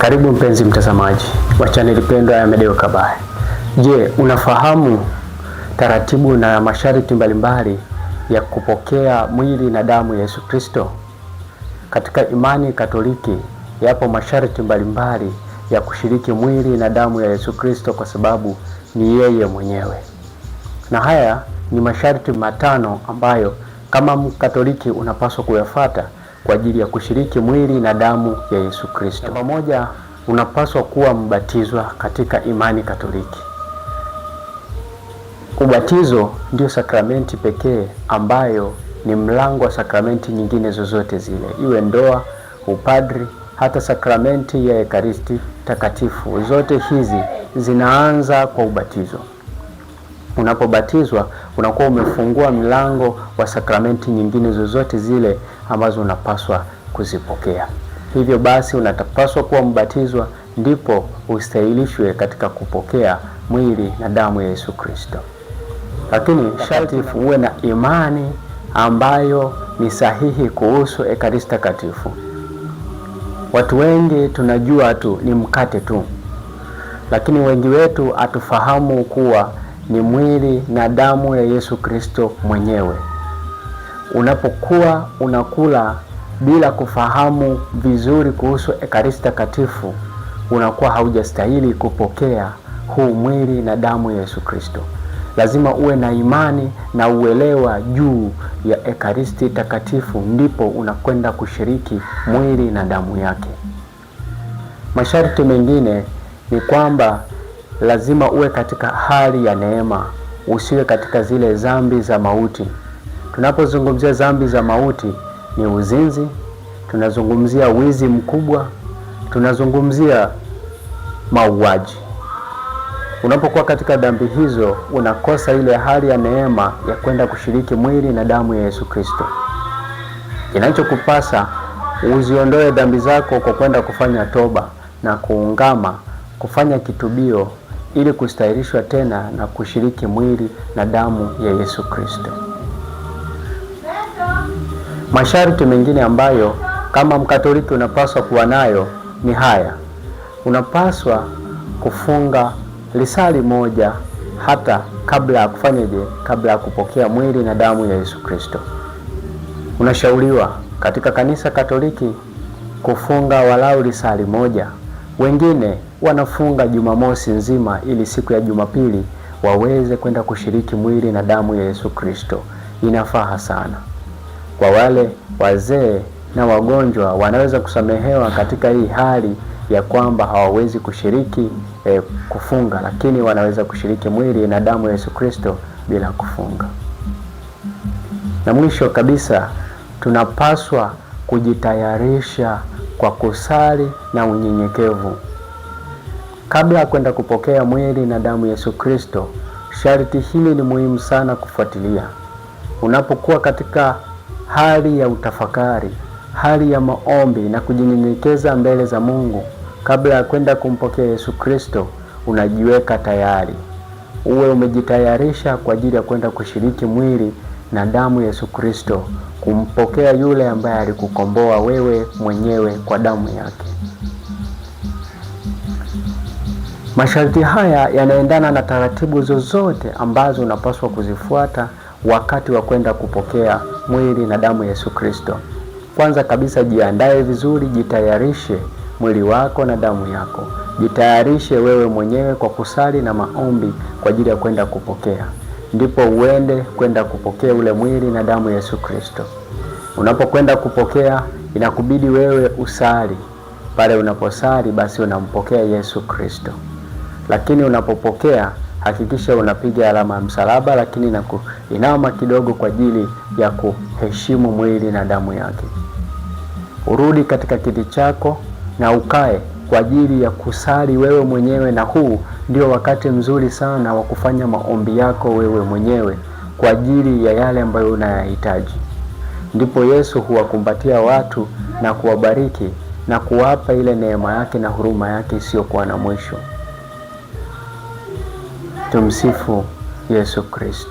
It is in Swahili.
Karibu mpenzi mtazamaji wa chaneli pendwa ya Medeo Kabaye. Je, unafahamu taratibu na masharti mbalimbali ya kupokea mwili na damu ya Yesu Kristo? Katika imani Katoliki yapo masharti mbalimbali ya kushiriki mwili na damu ya Yesu Kristo kwa sababu ni yeye mwenyewe. Na haya ni masharti matano ambayo kama Mkatoliki unapaswa kuyafata kwa ajili ya kushiriki mwili na damu ya Yesu Kristo. Namba moja, unapaswa kuwa mbatizwa katika imani Katoliki. Ubatizo ndio sakramenti pekee ambayo ni mlango wa sakramenti nyingine zozote zile, iwe ndoa, upadri, hata sakramenti ya Ekaristi Takatifu. Zote hizi zinaanza kwa ubatizo unapobatizwa unakuwa umefungua mlango wa sakramenti nyingine zozote zile ambazo unapaswa kuzipokea. Hivyo basi, unatapaswa kuwa mbatizwa, ndipo ustahilishwe katika kupokea mwili na damu ya Yesu Kristo, lakini sharti uwe na imani ambayo ni sahihi kuhusu Ekaristi Takatifu. Watu wengi tunajua tu ni mkate tu, lakini wengi wetu hatufahamu kuwa ni mwili na damu ya Yesu Kristo mwenyewe. Unapokuwa unakula bila kufahamu vizuri kuhusu Ekaristi Takatifu, unakuwa haujastahili kupokea huu mwili na damu ya Yesu Kristo. Lazima uwe na imani na uelewa juu ya Ekaristi Takatifu, ndipo unakwenda kushiriki mwili na damu yake. Masharti mengine ni kwamba lazima uwe katika hali ya neema, usiwe katika zile dhambi za mauti. Tunapozungumzia dhambi za mauti ni uzinzi, tunazungumzia wizi mkubwa, tunazungumzia mauaji. Unapokuwa katika dhambi hizo, unakosa ile hali ya neema ya kwenda kushiriki mwili na damu ya Yesu Kristo. Kinachokupasa uziondoe dhambi zako kwa kwenda kufanya toba na kuungama, kufanya kitubio ili kustahirishwa tena na kushiriki mwili na damu ya Yesu Kristo. Masharti mengine ambayo kama Mkatoliki unapaswa kuwa nayo ni haya: unapaswa kufunga lisali moja hata kabla ya kufanyaje, kabla ya kupokea mwili na damu ya Yesu Kristo. Unashauriwa katika kanisa Katoliki kufunga walau lisali moja, wengine wanafunga Jumamosi nzima ili siku ya Jumapili waweze kwenda kushiriki mwili na damu ya Yesu Kristo. Inafaha sana kwa wale wazee na wagonjwa, wanaweza kusamehewa katika hii hali ya kwamba hawawezi kushiriki eh, kufunga, lakini wanaweza kushiriki mwili na damu ya Yesu Kristo bila kufunga. Na mwisho kabisa, tunapaswa kujitayarisha kwa kusali na unyenyekevu. Kabla ya kwenda kupokea mwili na damu ya Yesu Kristo, sharti hili ni muhimu sana kufuatilia. Unapokuwa katika hali ya utafakari, hali ya maombi na kujinyenyekeza mbele za Mungu kabla ya kwenda kumpokea Yesu Kristo, unajiweka tayari. Uwe umejitayarisha kwa ajili ya kwenda kushiriki mwili na damu ya Yesu Kristo, kumpokea yule ambaye alikukomboa wewe mwenyewe kwa damu yake. Masharti haya yanaendana na taratibu zozote ambazo unapaswa kuzifuata wakati wa kwenda kupokea mwili na damu ya Yesu Kristo. Kwanza kabisa, jiandae vizuri, jitayarishe mwili wako na damu yako. Jitayarishe wewe mwenyewe kwa kusali na maombi kwa ajili ya kwenda kupokea, ndipo uende kwenda kupokea ule mwili na damu ya Yesu Kristo. Unapokwenda kupokea, inakubidi wewe usali. Pale unaposali, basi unampokea Yesu Kristo lakini unapopokea hakikisha unapiga alama ya msalaba, lakini na kuinama kidogo kwa ajili ya kuheshimu mwili na damu yake. Urudi katika kiti chako na ukae kwa ajili ya kusali wewe mwenyewe, na huu ndio wakati mzuri sana wa kufanya maombi yako wewe mwenyewe kwa ajili ya yale ambayo unayahitaji. Ndipo Yesu huwakumbatia watu na kuwabariki na kuwapa ile neema yake na huruma yake isiyokuwa na mwisho. Tum Sifu Jesus Cristo.